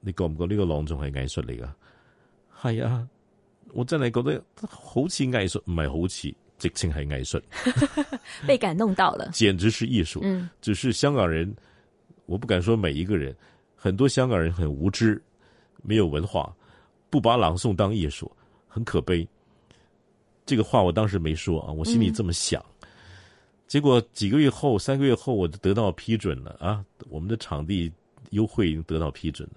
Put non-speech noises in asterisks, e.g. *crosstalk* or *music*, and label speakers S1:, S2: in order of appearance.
S1: 你覺唔覺呢個朗誦係藝術嚟噶？係啊、哎呀，我真係覺得好似藝術唔係好似，直情係藝術。
S2: *laughs* 被感動到了，
S1: 簡直是藝術。嗯，只是香港人，我不敢說每一個人，很多香港人很無知，沒有文化，不把朗誦當藝術，很可悲。這個話我當時沒說啊，我心裏這麼想。嗯、結果幾個月後，三個月後，我就得到批准了啊，我們的場地優惠已經得到批准了。